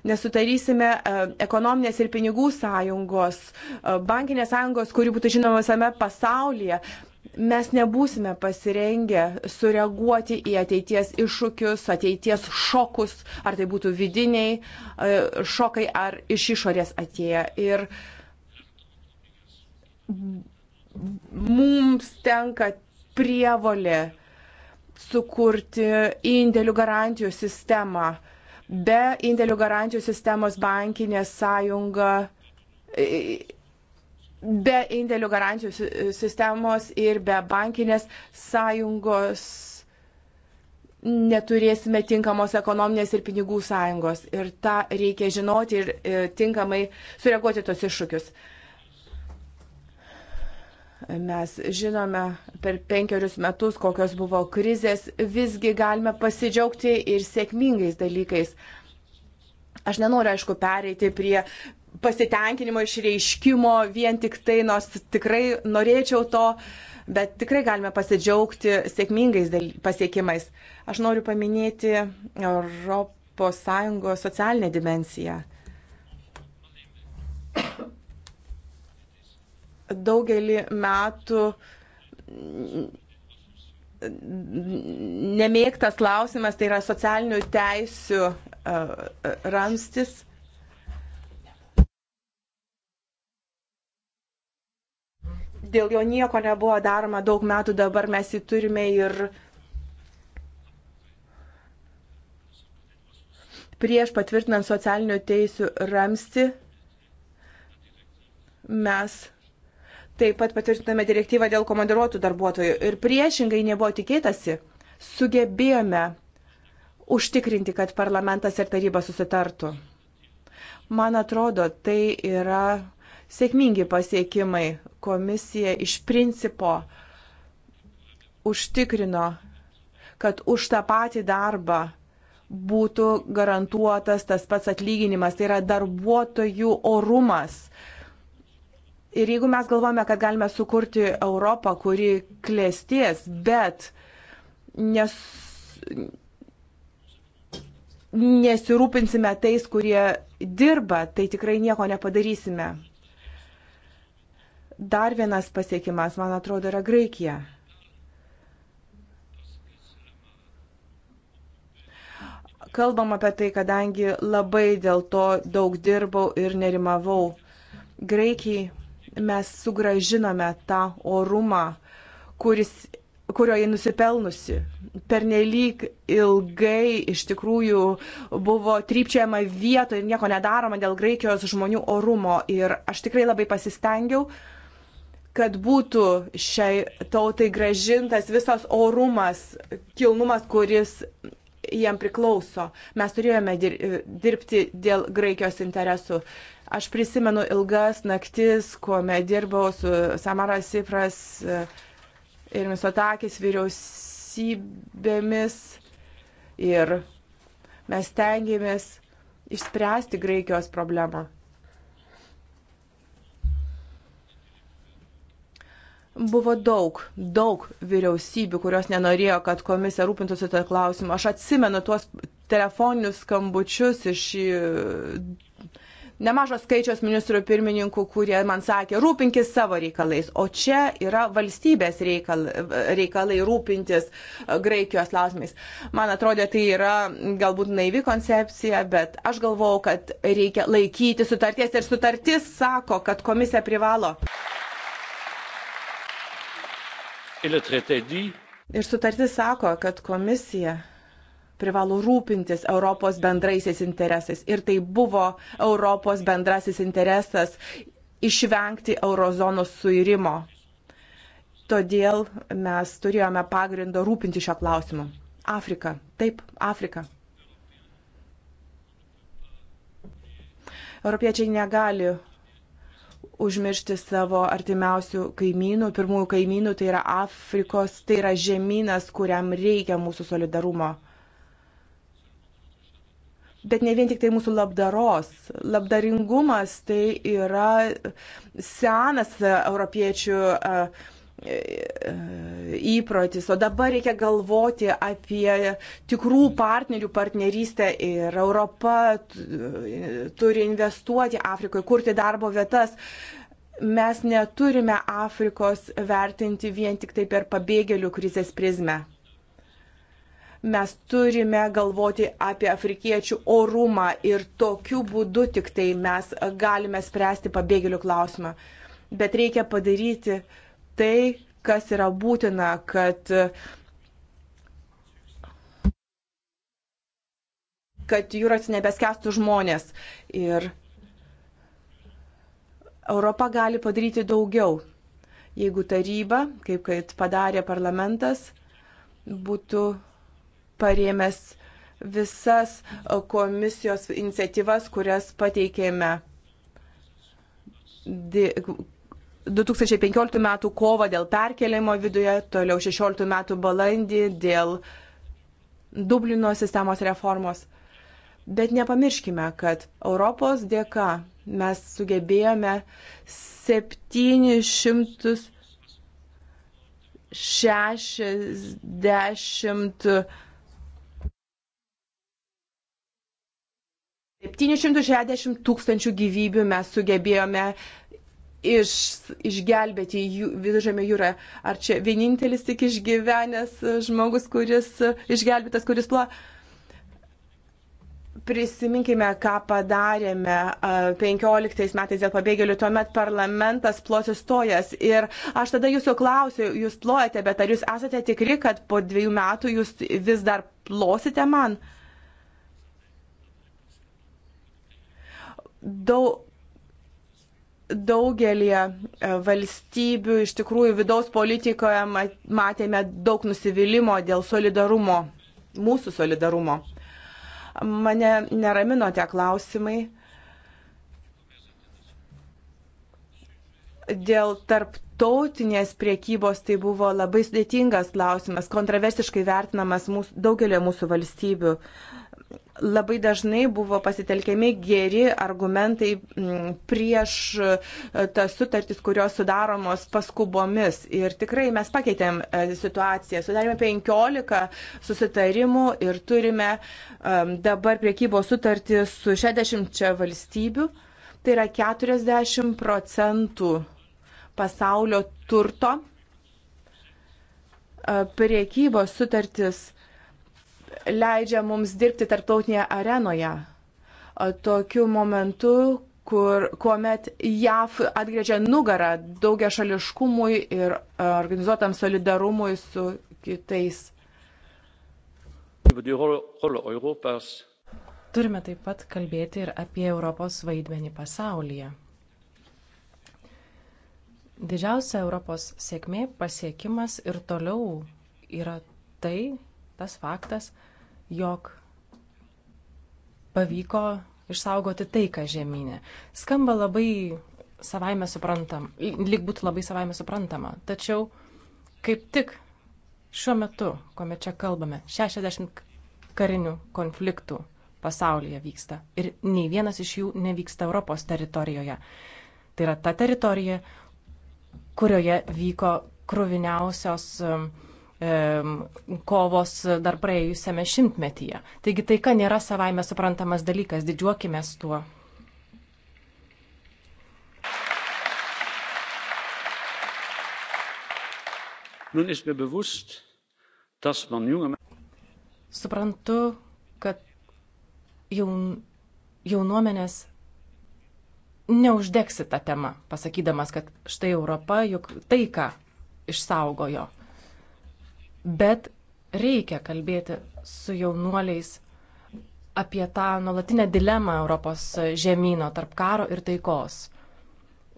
nesutarysime e, ekonominės ir pinigų sąjungos, e, bankinės sąjungos, kuri būtų žinoma visame pasaulyje, mes nebūsime pasirengę sureaguoti į ateities iššūkius, ateities šokus, ar tai būtų vidiniai e, šokai, ar iš išorės atėję. Ir mums tenka prievolė sukurti indėlių garantijų sistemą, Be indėlių garantijų sistemos bankinė sąjunga be indėlių garantijų sistemos ir be bankinės sąjungos neturėsime tinkamos ekonominės ir pinigų sąjungos. Ir tą reikia žinoti ir tinkamai sureaguoti tos iššūkius. Mes žinome per penkerius metus, kokios buvo krizės, visgi galime pasidžiaugti ir sėkmingais dalykais. Aš nenoriu, aišku, pereiti prie pasitenkinimo išreiškimo vien tik tai, nors tikrai norėčiau to, bet tikrai galime pasidžiaugti sėkmingais pasiekimais. Aš noriu paminėti ES socialinę dimensiją. daugelį metų nemėgtas klausimas, tai yra socialinių teisių e, e, ramstis. Dėl jo nieko nebuvo daroma daug metų, dabar mes jį turime ir prieš patvirtinant socialinių teisių ramsti mes Taip pat patvirtiname direktyvą dėl komandiruotų darbuotojų ir priešingai nebuvo tikėtasi, sugebėjome užtikrinti, kad parlamentas ir taryba susitartų. Man atrodo, tai yra sėkmingi pasiekimai. Komisija iš principo užtikrino, kad už tą patį darbą būtų garantuotas tas pats atlyginimas, tai yra darbuotojų orumas. Uh, Ir jeigu mes galvome, kad galime sukurti Europą, kuri klėsties, bet nes, nesirūpinsime tais, kurie dirba, tai tikrai nieko nepadarysime. Dar vienas pasiekimas, man atrodo, yra Graikija. Kalbam apie tai, kadangi labai dėl to daug dirbau ir nerimavau. Graikijai mes sugražiname tą orumą, kuris kurio jį nusipelnusi. Pernelyg ilgai iš tikrųjų buvo trypčiajama vietoje ir nieko nedaroma dėl Graikijos žmonių orumo. Ir aš tikrai labai pasistengiau, kad būtų šiai tautai gražintas visas orumas, kilnumas, kuris jiem priklauso. Mes turėjome dirbti dėl Graikijos interesų. Aš prisimenu ilgas naktis, kuomet dirbau su Samara Sipras e, ir Misotakis vyriausybėmis ir mes tengiamės išspręsti Graikijos problemą. Buvo daug, daug vyriausybių, kurios nenorėjo, kad komisija rūpintųsi tą klausimą. Aš atsimenu tuos telefoninius skambučius iš nemažas skaičius ministrų pirmininkų, kurie man sakė, rūpinkis savo reikalais, o čia yra valstybės reikal, reikalai rūpintis e, Graikijos klausimais. Man atrodė, tai yra galbūt naivi koncepcija, bet aš galvau, kad reikia laikyti sutarties ir sutartis sako, kad komisija privalo. Ir sutartis sako, kad komisija privalo rūpintis Europos bendraisiais interesais. Ir tai buvo Europos bendrasis interesas išvengti eurozonos suirimo. Todėl mes turėjome pagrindo rūpinti šio klausimu. Afrika. Taip, Afrika. Europiečiai negali užmiršti savo artimiausių kaimynų, pirmųjų kaimynų, tai yra Afrikos, tai yra žemynas, kuriam reikia mūsų solidarumo bet ne vien tik tai mūsų labdaros. Labdaringumas tai yra senas europiečių e, e, įprotis, o dabar reikia galvoti apie tikrų partnerių partnerystę ir Europa e, turi investuoti Afrikoje, kurti darbo vietas. Mes neturime Afrikos vertinti vien tik tai per pabėgėlių krizės prizmę. Mes turime galvoti apie afrikiečių orumą ir tokiu būdu tik tai mes galime spręsti pabėgėlių klausimą. Bet reikia padaryti tai, kas yra būtina, kad kad jūros nebeskestų žmonės. Ir Europa gali padaryti daugiau, jeigu taryba, kaip kad padarė parlamentas, būtų parėmęs visas komisijos iniciatyvas, kurias pateikėme 2015 m. kovo dėl perkelimo viduje, toliau 16 m. balandį dėl Dublino sistemos reformos. Bet nepamirškime, kad Europos dėka mes sugebėjome 760 760 tūkstančių gyvybių mes sugebėjome iš, išgelbėti viduržėmio jūrą. Ar čia vienintelis tik išgyvenęs žmogus, kuris išgelbėtas, kuris pla. Prisiminkime, ką padarėme 15 metais dėl pabėgėlių, tuomet parlamentas plos įstojęs. Ir aš tada jūsų klausiu, jūs plojate, bet ar jūs esate tikri, kad po dviejų metų jūs vis dar plosite man? Uh, daug daugelį e, valstybių iš tikrųjų vidaus politikoje matėme daug nusivylimų dėl solidarumo, mūsų solidarumo. Mane neramino tie klausimai dėl tarptautinės priekybos tai buvo labai sudėtingas klausimas, kontroversiškai vertinamas mūsų, daugelio mūsų valstybių labai dažnai buvo pasitelkiami geri argumentai mm, prieš e, tas sutartis, kurios sudaromos paskubomis. Ir tikrai mes pakeitėm e, situaciją. Sudarėme 15 susitarimų ir turime e, dabar priekybos sutartį su 60 valstybių. Tai yra 40 procentų pasaulio turto priekybos sutartis leidžia mums dirbti tarptautinėje arenoje. Tokiu momentu, kur, kuomet JAF atgrėžia nugarą daugia šališkumui ir organizuotam solidarumui su kitais. Turime taip pat kalbėti ir apie Europos vaidmenį pasaulyje. Didžiausia Europos sėkmė pasiekimas ir toliau yra tai, tas faktas, jog pavyko išsaugoti taiką žemynė. Skamba labai savaime suprantam, lyg būtų labai savaime suprantama. Tačiau kaip tik šiuo metu, kuomet čia kalbame, 60 karinių konfliktų pasaulyje vyksta ir nei vienas iš jų nevyksta Europos teritorijoje. Tai yra ta teritorija, kurioje vyko kruviniausios um, kovos dar praėjusiame šimtmetyje. Taigi taika nėra savaime suprantamas dalykas, didžiuokime tuo. Bewusst, junge... Suprantu, kad jaun, jaunuomenės neuždegsi tą temą, pasakydamas, kad štai Europa juk taiką išsaugojo bet reikia kalbėti su jaunuoliais apie tą nuolatinę dilemą Europos žemyno tarp karo ir taikos.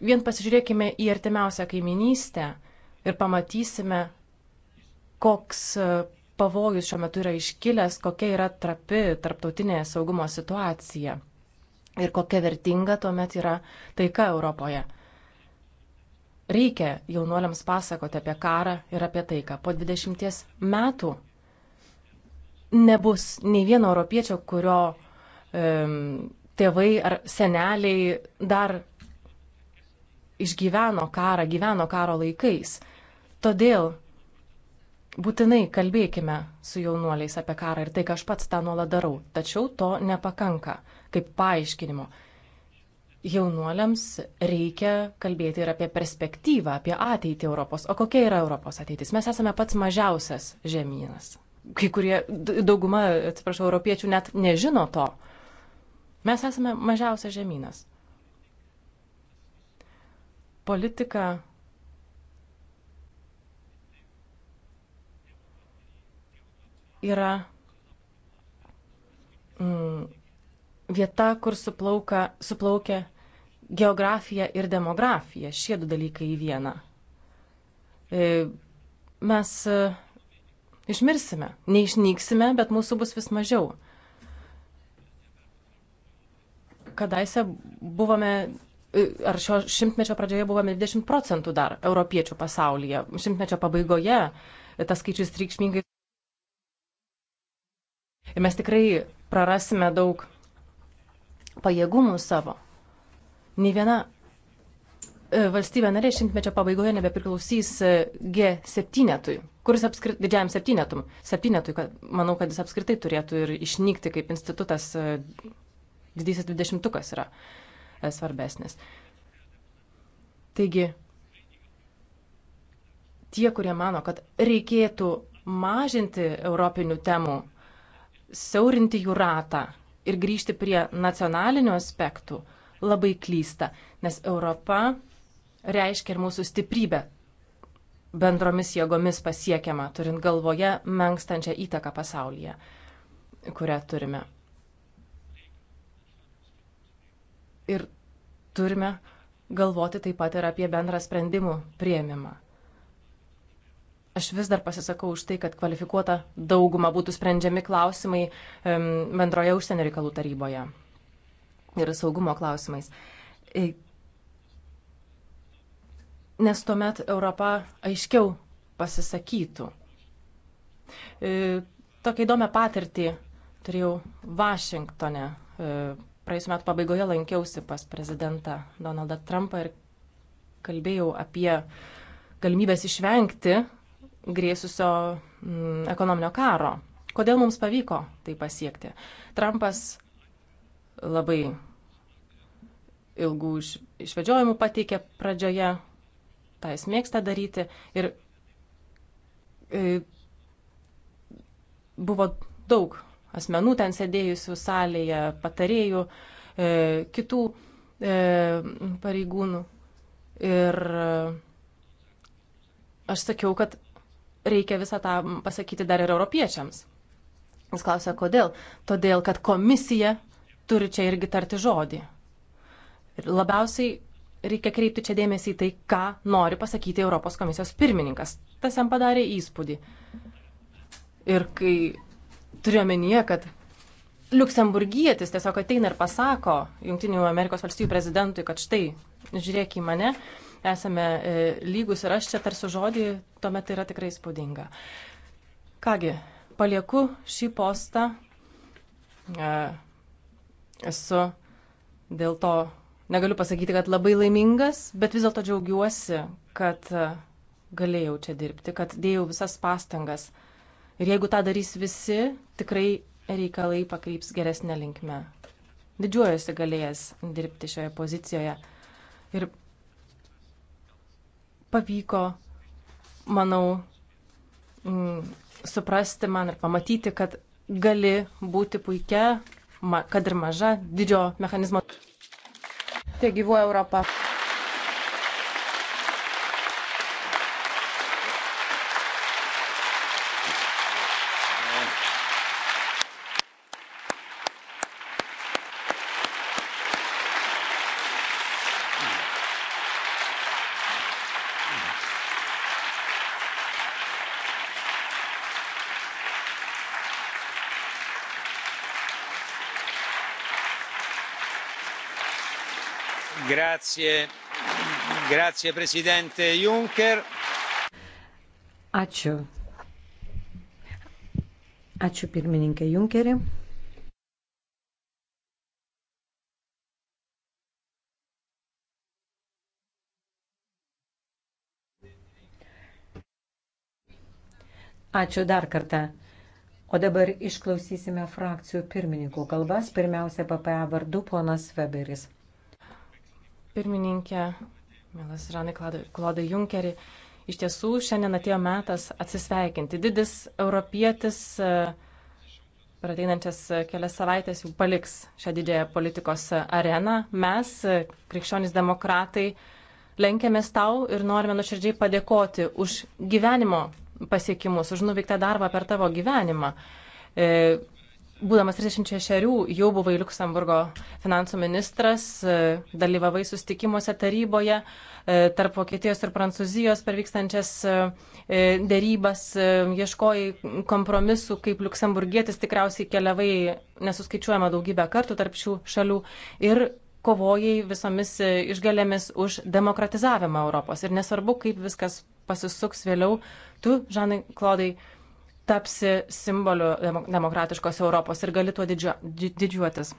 Vien pasižiūrėkime į artimiausią kaiminystę ir pamatysime, koks pavojus šiuo metu yra iškilęs, kokia yra trapi tarptautinė saugumo situacija ir kokia vertinga tuomet yra taika Europoje. Reikia jaunuoliams pasakoti apie karą ir apie taiką. Po 20 metų nebus nei vieno europiečio, kurio um, tėvai ar seneliai dar išgyveno karą, gyveno karo laikais. Todėl būtinai kalbėkime su jaunuoliais apie karą ir tai, ką aš pats tą nuolat darau. Tačiau to nepakanka kaip paaiškinimo jaunuoliams reikia kalbėti ir apie perspektyvą, apie ateitį Europos. O kokia yra Europos ateitis? Mes esame pats mažiausias žemynas. Kai kurie, dauguma, atsiprašau, europiečių net nežino to. Mes esame mažiausias žemynas. Politika. Yra mm, vieta, kur suplauka, suplaukia geografija ir demografija, šie du dalykai į vieną. E, mes e, išmirsime, neišnyksime, bet mūsų bus vis mažiau. Kadaise buvome, e, ar šio šimtmečio pradžioje buvome 20 procentų dar europiečių pasaulyje, šimtmečio pabaigoje tas skaičius reikšmingai. Ir mes tikrai prarasime daug pajėgumų savo. Nė viena e, valstybė narė šimtmečio pabaigoje nebepriklausys e, G7, kuris apskri... didžiajam septynetum. Septynetui, kad manau, kad jis apskritai turėtų ir išnykti kaip institutas, e, didysis dvidešimtukas yra svarbesnis. Taigi, tie, kurie mano, kad reikėtų mažinti europinių temų, siaurinti jų ratą, ir grįžti prie nacionalinių aspektų labai klysta, nes Europa reiškia ir mūsų stiprybę bendromis jėgomis pasiekiama, turint galvoje menkstančią įtaką pasaulyje, kurią turime. Ir turime galvoti taip pat ir apie bendrą sprendimų prieimimą. Aš vis dar pasisakau už tai, kad kvalifikuota dauguma būtų sprendžiami klausimai bendroje užsienio reikalų taryboje ir saugumo klausimais. E, nes tuomet Europa aiškiau pasisakytų. E, tokią įdomią patirtį turėjau Vašingtone. E, praėjusiu metu pabaigoje lankiausi pas prezidentą Donaldą Trumpą ir kalbėjau apie galimybės išvengti grėsusio mm, ekonominio karo. Kodėl mums pavyko tai pasiekti? Trumpas labai ilgų išvedžiojimų pateikė pradžioje, tą jis mėgsta daryti ir e, buvo daug asmenų ten sėdėjusių salėje, patarėjų, e, kitų e, pareigūnų. Ir e, aš sakiau, kad reikia visą tą pasakyti dar ir europiečiams. Jis klausia, kodėl? Todėl, kad komisija turi čia irgi tarti žodį. Ir labiausiai reikia kreipti čia dėmesį į tai, ką nori pasakyti Europos komisijos pirmininkas. Tas jam padarė įspūdį. Ir kai turiu omenyje, kad Liuksemburgietis tiesiog ateina ir pasako Junktinių Amerikos valstybių prezidentui, kad štai, žiūrėk į mane, uh, esame e, lygus ir aš čia tarsiu žodį, tuomet tai yra tikrai spūdinga. Kągi, palieku šį postą. E, esu dėl to, negaliu pasakyti, kad labai laimingas, bet vis dėlto džiaugiuosi, kad e, galėjau čia dirbti, kad dėjau visas pastangas. Ir jeigu tą darys visi, tikrai reikalai pakryps geresnė linkme. Didžiuojasi galėjęs dirbti šioje pozicijoje. Ir pavyko, manau, mm, suprasti man ir pamatyti, kad gali būti puikia, kad ir maža, didžio mechanizmo. Tai gyvuoja Europa. Grazie. Grazie, prezidente Juncker. Ačiū. Ačiū pirmininkė Junkerį. Ačiū dar kartą. O dabar išklausysime frakcijų pirmininkų kalbas. Pirmiausia, PPA vardu ponas Weberis pirmininkė, mielas Ranai Klodai Junkeri. Iš tiesų, šiandien atėjo metas atsisveikinti. Didis europietis e, per ateinančias kelias savaitės jau paliks šią didžiąją politikos areną. Mes, e, krikščionys demokratai, lenkėmės tau ir norime nuoširdžiai padėkoti už gyvenimo pasiekimus, už nuveiktą darbą per tavo gyvenimą. E, Būdamas 36 jau buvai Luksemburgo finansų ministras, e, dalyvavai sustikimuose taryboje e, tarp Vokietijos ir Prancūzijos per vykstančias e, dėrybas, ieškojai kompromisų, kaip Luksemburgietis tikriausiai keliavai nesuskaičiuojama daugybę kartų tarp šių šalių ir kovojai visomis išgalėmis už demokratizavimą Europos. Ir nesvarbu, kaip viskas pasisuks vėliau, tu, Žanai Klodai, tapsi simboliu demokratiškos Europos ir gali tuo didžio, didžiuotis.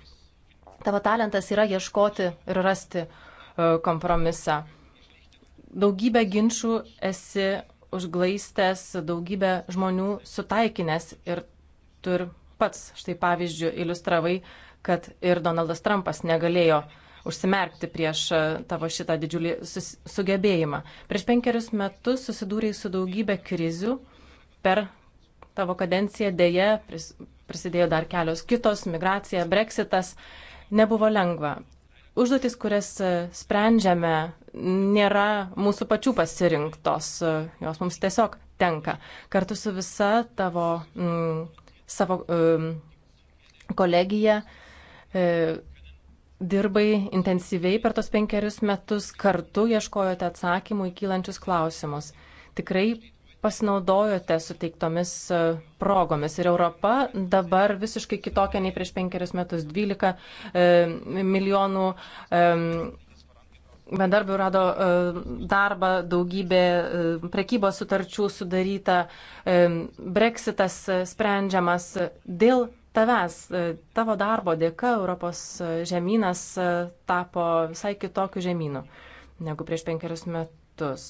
Tavo talentas yra ieškoti ir rasti e, kompromisą. Daugybę ginčių esi užglaistęs, daugybę žmonių sutaikinęs ir tu ir pats, štai pavyzdžių, iliustravai, kad ir Donaldas Trumpas negalėjo užsimerkti prieš e, tavo šitą didžiulį sugebėjimą. Prieš penkerius metus susidūrėjai su daugybė krizių per tavo kadencija dėje prisidėjo dar kelios kitos - migracija, breksitas. Nebuvo lengva. Užduotis, kurias sprendžiame, nėra mūsų pačių pasirinktos, jos mums tiesiog tenka. Kartu su visa tavo m, mm, savo m, mm, kolegija e, dirbai intensyviai per tos penkerius metus, kartu ieškojote atsakymų į kylančius klausimus. Tikrai pasinaudojote suteiktomis e, progomis. Ir Europa dabar visiškai kitokia nei prieš penkerius metus. 12 e, milijonų e, bedarbių rado e, darbą, daugybė e, prekybos sutarčių sudaryta, e, breksitas e, sprendžiamas dėl tavęs, e, tavo darbo dėka Europos žemynas tapo visai kitokiu žemynu negu prieš penkerius metus.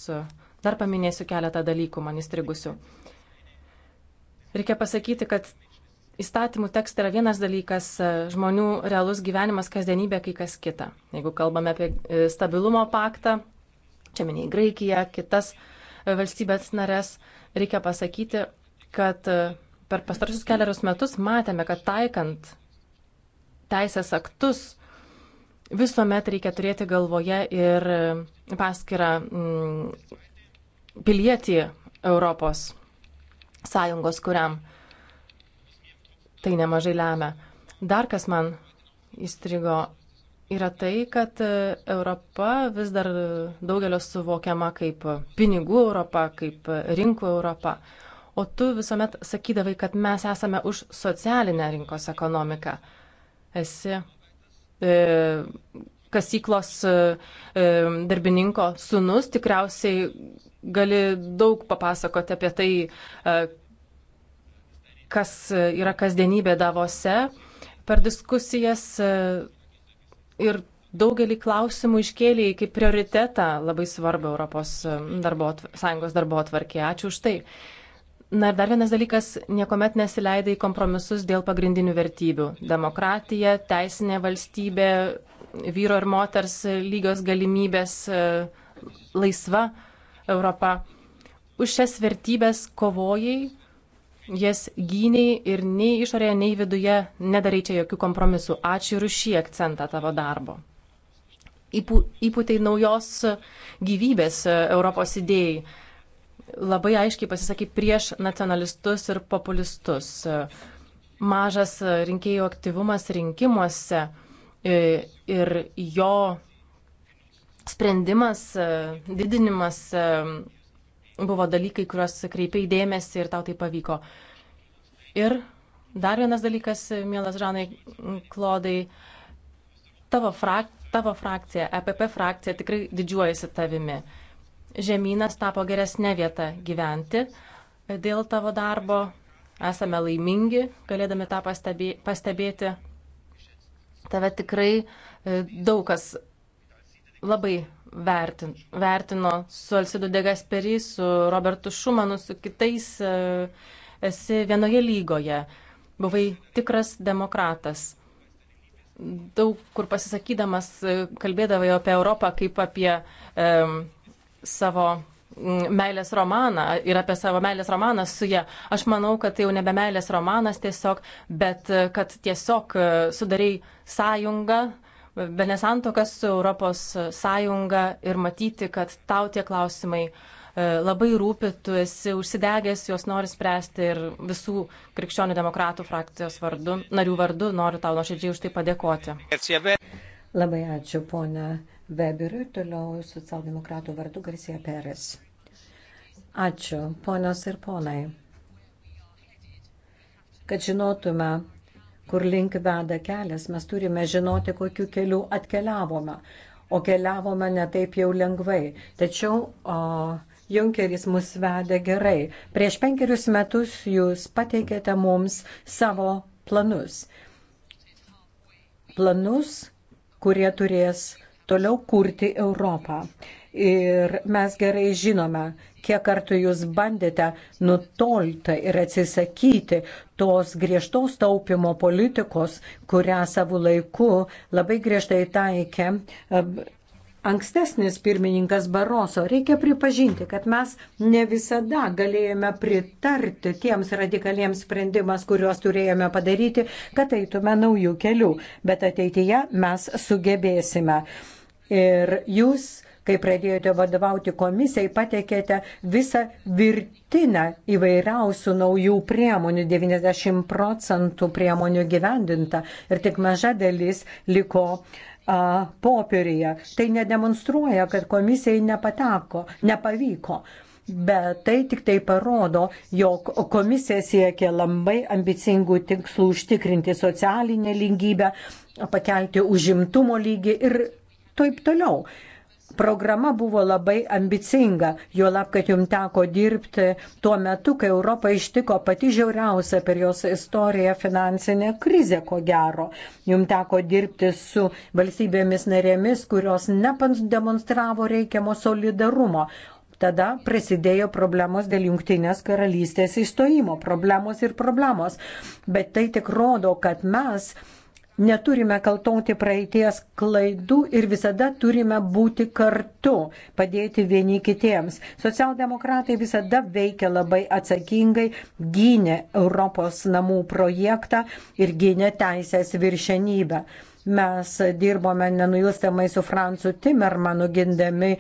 Dar paminėsiu keletą dalykų man įstrigusių. Reikia pasakyti, kad įstatymų tekstai yra vienas dalykas, žmonių realus gyvenimas kasdienybė kai kas kita. Jeigu kalbame apie e, stabilumo paktą, čia minėjai Graikiją, kitas e, valstybės narės, reikia pasakyti, kad e, per pastarusius keliarius metus matėme, kad taikant teisės aktus visuomet reikia turėti galvoje ir paskirą pilietį Europos sąjungos, kuriam tai nemažai lemia. Dar kas man įstrigo yra tai, kad e, Europa vis dar daugelio suvokiama kaip pinigų Europa, kaip rinkų Europa. O tu visuomet sakydavai, kad mes esame už socialinę rinkos ekonomiką. Esi e, kasyklos e, e, darbininko sunus, tikriausiai gali daug papasakoti apie tai, e, kas yra kasdienybė davose per diskusijas ir daugelį klausimų iškėlė kaip prioritetą labai svarbą Europos darbo, Sąjungos darbo atvarkė. Ačiū už tai. Na ir dar vienas dalykas, niekuomet nesileidai kompromisus dėl pagrindinių vertybių - demokratija, teisinė valstybė, vyro ir moters lygios galimybės, laisva Europa. Už šias vertybės kovojai, jas gyniai ir nei išorėje, nei viduje nedarai čia jokių kompromisų. Ačiū ir už šį akcentą tavo darbo. Įpūtai naujos gyvybės Europos idėjai labai aiškiai pasisakė prieš nacionalistus ir populistus. Mažas rinkėjų aktyvumas rinkimuose e, ir jo sprendimas, e, didinimas e, buvo dalykai, kuriuos kreipiai dėmesį ir tau tai pavyko. Ir dar vienas dalykas, mielas Žanai Klodai, tavo, frak, tavo frakcija, EPP frakcija tikrai didžiuojasi tavimi žemynas tapo geresnė vieta gyventi dėl tavo darbo. Esame laimingi, galėdami tą pastebėti. Tave tikrai e, daug kas labai vertin, vertino su Alsidu Degasperi, su Robertu Šumanu, su kitais. E, esi vienoje lygoje. Buvai tikras demokratas daug kur pasisakydamas e, kalbėdavai apie Europą kaip apie um, e, savo mm, meilės romaną ir apie savo meilės romaną su ja. Aš manau, kad tai jau nebe meilės romanas tiesiog, bet e, kad tiesiog e, sudarai sąjungą, benesantokas su Europos sąjunga ir matyti, kad tau tie klausimai e, labai rūpi, tu esi užsidegęs, juos nori spręsti ir visų krikščionių demokratų frakcijos vardu, narių vardu noriu tau nuoširdžiai už tai padėkoti. Labai ačiū, ponia Weberiui, toliau socialdemokratų vardu Garcia Peres. Ačiū, ponios ir ponai, kad žinotume, kur link veda kelias, mes turime žinoti, kokiu keliu atkeliavome. O keliavome ne taip jau lengvai. Tačiau o, Junkeris mus vedė gerai. Prieš penkerius metus jūs pateikėte mums savo planus. Planus, kurie turės toliau kurti Europą. Ir mes gerai žinome, kiek kartų jūs bandėte nutolti ir atsisakyti tos griežtos taupimo politikos, kurią savo laiku labai griežtai taikė e, ankstesnis pirmininkas Baroso, reikia pripažinti, kad mes ne visada galėjome pritarti tiems radikaliems sprendimas, kuriuos turėjome padaryti, kad eitume naujų kelių, bet ateityje mes sugebėsime. Ir jūs, kai pradėjote vadovauti komisijai, patekėte visą virtinę įvairiausių naujų priemonių, 90 procentų priemonių gyvendinta ir tik maža dalis liko uh, popieriuje. Tai nedemonstruoja, kad komisijai nepateko, nepavyko. Bet tai tik tai parodo, jog komisija siekia labai ambicingų tikslų užtikrinti socialinę lygybę, pakelti užimtumo lygį ir taip toliau. Programa buvo labai ambicinga, juolab, kad jums teko dirbti tuo metu, kai Europą ištiko pati žiauriausia per jos istoriją finansinė krizė, ko gero. Jums teko dirbti su valstybėmis narėmis, kurios nepademonstravo reikiamo solidarumo. Tada prasidėjo problemos dėl jungtinės karalystės įstojimo, problemos ir problemos. Bet tai tik rodo, kad mes Neturime kaltauti praeities klaidų ir visada turime būti kartu, padėti vieni kitiems. Socialdemokratai visada veikia labai atsakingai, gynė Europos namų projektą ir gynė teisės viršenybę mes dirbome nenuilstamai su Francu Timermanu gindami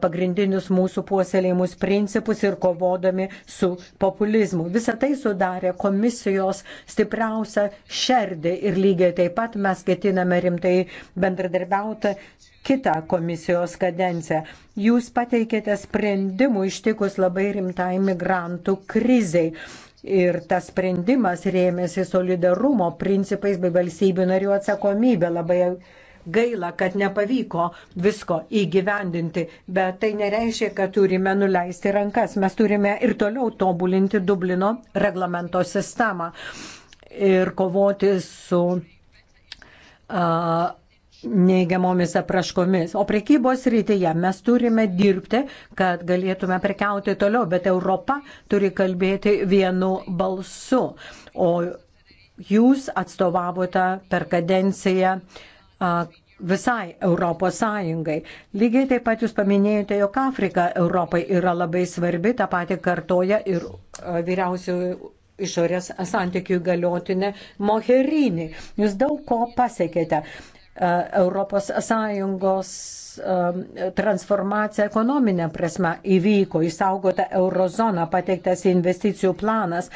pagrindinius mūsų puoselėjimus principus ir kovodami su populizmu. Visą tai sudarė komisijos stipriausią šerdį ir lygiai taip pat mes ketiname rimtai bendradarbiauti kitą komisijos kadenciją. Jūs pateikėte sprendimų ištikus labai rimtai migrantų kriziai. Ir tas sprendimas rėmėsi solidarumo principais bei valstybių narių atsakomybė labai Gaila, kad nepavyko visko įgyvendinti, bet tai nereiškia, kad turime nuleisti rankas. Mes turime ir toliau tobulinti Dublino reglamento sistemą ir kovoti su. Uh, neigiamomis apraškomis. O prekybos rytyje mes turime dirbti, kad galėtume prekiauti toliau, bet Europa turi kalbėti vienu balsu. O jūs atstovavote per kadenciją visai Europos Sąjungai. Lygiai taip pat jūs paminėjote, jog Afrika Europai yra labai svarbi, tą patį kartoja ir vyriausiųjų išorės santykių galiotinė Moherini. Jūs daug ko pasiekėte. ES e, transformacija ekonominė prasme įvyko, įsaugota eurozona, pateiktas investicijų planas,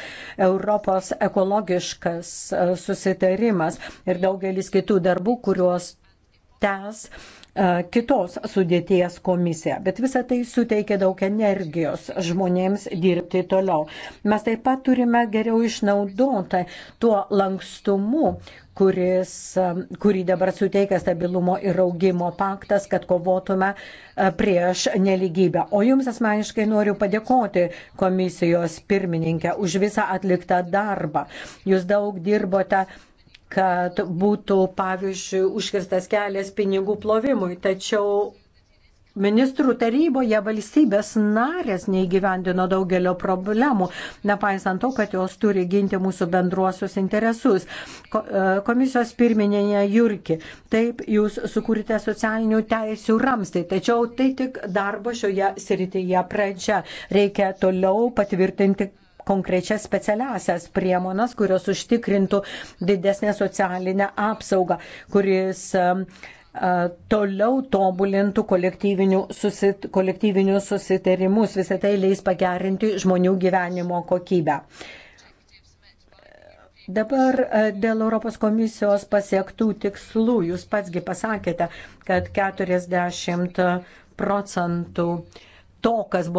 Europos ekologiškas e, susitarimas ir daugelis kitų darbų, kuriuos tęs e, kitos sudėties komisija. Bet visa tai suteikia daug energijos žmonėms dirbti toliau. Mes taip pat turime geriau išnaudoti tuo lankstumu, kuris, kurį dabar suteikia stabilumo ir augimo paktas, kad kovotume prieš neligybę. O jums asmeniškai noriu padėkoti komisijos pirmininkę už visą atliktą darbą. Jūs daug dirbote kad būtų, pavyzdžiui, užkirstas kelias pinigų plovimui, tačiau Ministrų taryboje valstybės narės neįgyvendino daugelio problemų, nepaisant to, kad jos turi ginti mūsų bendruosius interesus. E, komisijos pirmininė Jurki, taip jūs sukūrite socialinių teisių ramstį, tačiau tai tik darbo šioje srityje pradžia. Reikia toliau patvirtinti konkrečias specialiasias priemonas, kurios užtikrintų didesnę socialinę apsaugą, kuris uh, toliau tobulintų kolektyvinių susit, kolektyvinius susitarimus, visą tai leis pagerinti žmonių gyvenimo kokybę. Dabar e, dėl Europos komisijos pasiektų tikslų, jūs patsgi pasakėte, kad 40 procentų to, kas buvo